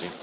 Grazie.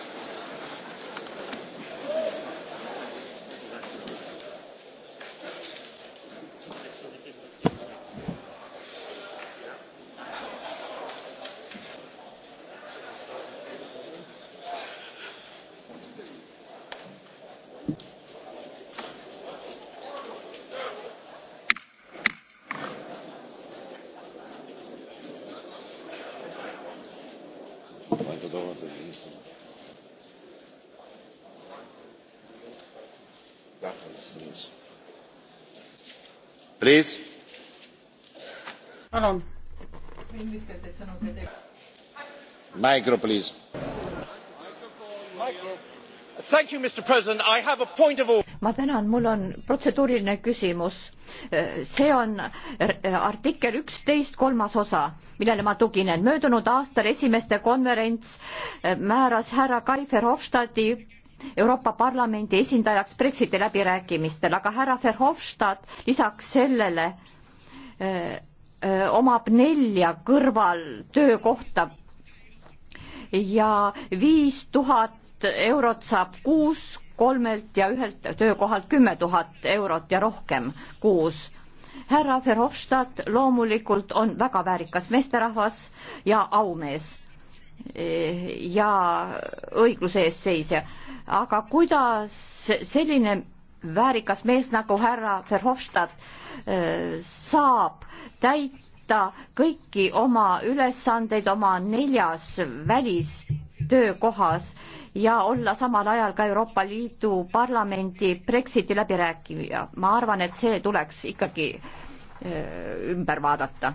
palun! ma tänan mul on protseduuriline küsimus see on äh, artikkel üksteist kolmas osa millele ma tuginen möödunud aastal esimeste konverents äh, määras härra guy verhofstadti Euroopa Parlamendi esindajaks Brexiti läbirääkimistel, aga härra Verhofstadt lisaks sellele öö, öö, omab nelja kõrvaltöökohta ja viis tuhat eurot saab kuus kolmelt ja ühelt töökohalt kümme tuhat eurot ja rohkem kuus. härra Verhofstadt loomulikult on väga väärikas meesterahvas ja aumees e, ja õigluse eest seisja aga kuidas selline väärikas mees nagu härra Verhofstadt äh, saab täita kõiki oma ülesandeid oma neljas välistöökohas ja olla samal ajal ka Euroopa Liidu Parlamendi Brexiti läbirääkija. ma arvan, et see tuleks ikkagi äh, ümber vaadata.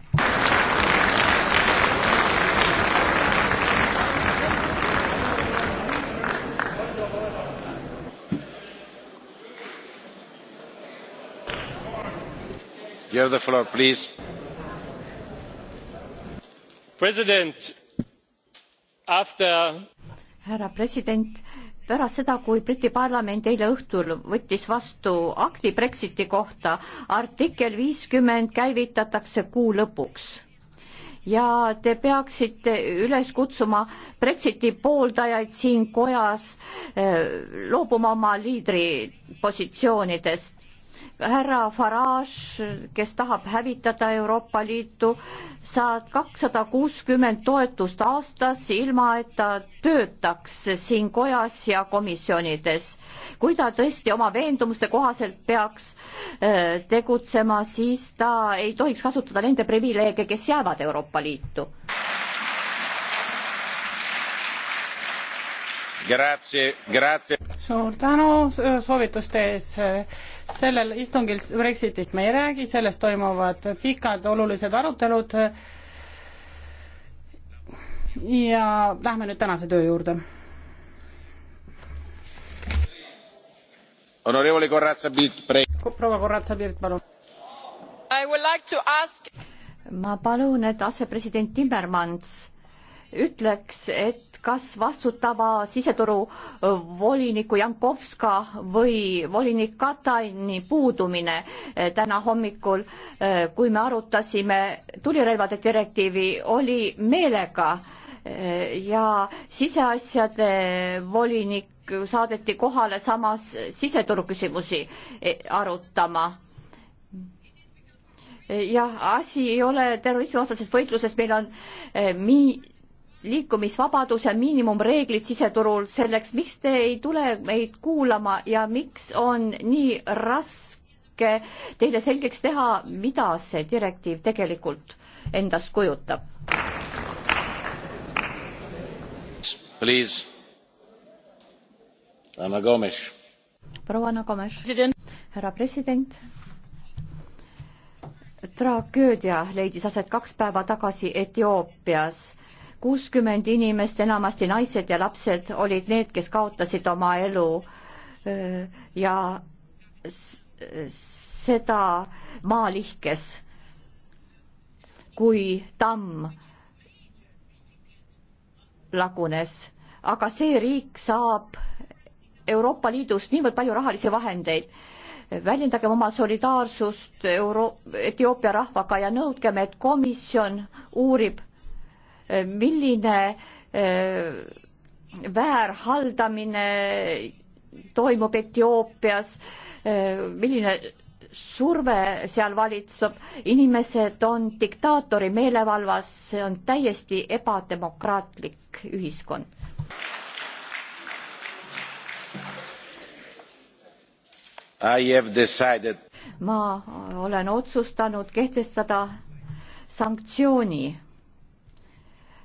mr president after. härra president pärast seda kui briti parlament eile õhtul võttis vastu akti brexiti kohta artikkel viiskümmend käivitatakse kuu lõpuks ja te peaksite üles kutsuma Brexiti pooldajaid siin kojas eh, loobuma oma liidripositsioonidest härra Farage, kes tahab hävitada Euroopa Liitu, saab kakssada kuuskümmend toetust aastas, ilma et ta töötaks siin kojas ja komisjonides. kui ta tõesti oma veendumuste kohaselt peaks äh, tegutsema, siis ta ei tohiks kasutada nende privileege, kes jäävad Euroopa Liitu suur tänu soovituste ees sellel istungil brexitist me ei räägi sellest toimuvad pikad olulised arutelud ja lähme nüüd tänase töö juurde proua Korratsa Pirt, palun. Like ask... ma palun, et asepresident Timmermans ütleks, et kas vastutava siseturu voliniku Jankovska või volinik Kataini puudumine täna hommikul, kui me arutasime tulirelvade direktiivi, oli meelega ja siseasjade volinik saadeti kohale samas siseturu küsimusi e, arutama jah, asi ei ole terrorismivastases võitluses, meil on eh, mi-, liikumisvabaduse miinimumreeglid siseturul selleks, miks te ei tule meid kuulama ja miks on nii raske teile selgeks teha, mida see direktiiv tegelikult endast kujutab? proua Anna Gomes, härra president tragöödia leidis aset kaks päeva tagasi Etioopias kuuskümmend inimest, enamasti naised ja lapsed olid need, kes kaotasid oma elu ja seda maa lihkes kui tamm lagunes, aga see riik saab Euroopa Liidust niivõrd palju rahalisi vahendeid. väljendagem oma solidaarsust Euro-, Etioopia rahvaga ja nõudkem, et komisjon uurib milline äh, väärhaldamine toimub Etioopias, äh, milline surve seal valitseb, inimesed on diktaatori meelevalvas, see on täiesti ebademokraatlik ühiskond. ma olen otsustanud kehtestada sanktsiooni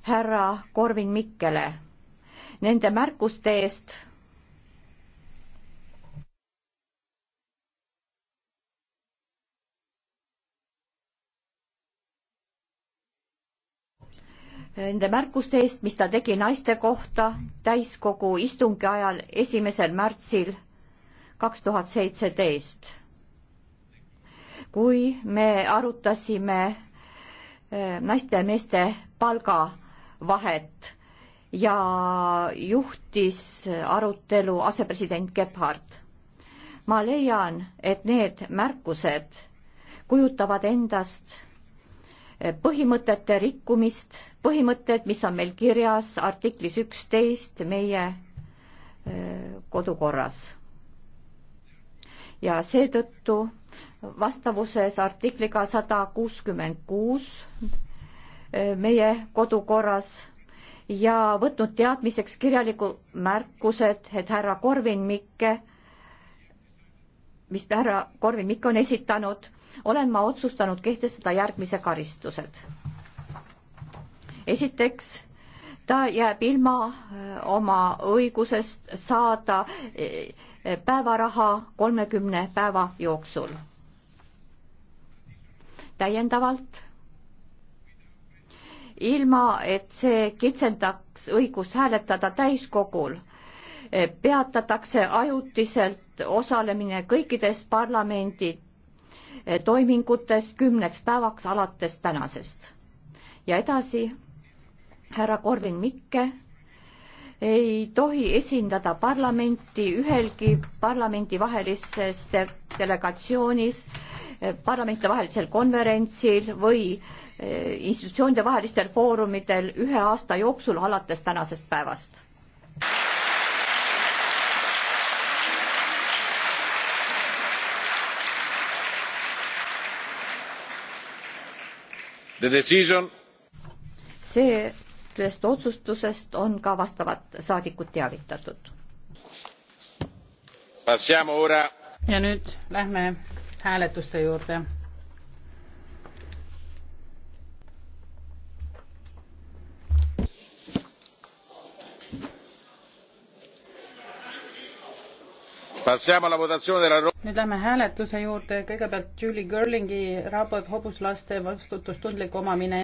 härra Korvin Mikkele nende märkuste eest. Nende märkuste eest, mis ta tegi naiste kohta täiskogu istungi ajal esimesel märtsil kaks tuhat seitseteist, kui me arutasime eh, naiste ja meeste palga vahet ja juhtis arutelu asepresident Gebhard. ma leian, et need märkused kujutavad endast põhimõtete rikkumist, põhimõtted, mis on meil kirjas artiklis üksteist meie kodukorras. ja seetõttu vastavuses artikliga sada kuuskümmend kuus Äh, meie kodukorras ja võtnud teadmiseks kirjalikud märkused, et härra Korvin Mikke, mis härra Korvin Mikke on esitanud, olen ma otsustanud kehtestada järgmise karistused. esiteks, ta jääb ilma äh, oma õigusest saada äh, päevaraha kolmekümne päeva jooksul. täiendavalt ilma et see kitsendaks õigust hääletada täiskogul. peatatakse ajutiselt osalemine kõikides parlamendi toimingutes kümneks päevaks alates tänasest. ja edasi härra Korvin Mikke ei tohi esindada parlamenti ühelgi parlamendivahelises delegatsioonis, parlamentidevahelisel konverentsil või Eh, institutsioonide vahelistel foorumidel ühe aasta jooksul alates tänasest päevast. sellest otsustusest on ka vastavad saadikud teavitatud. ja nüüd lähme hääletuste juurde. nüüd lähme hääletuse juurde kõigepealt julie girlingi raport hobuslaste vastutustundlik omamine.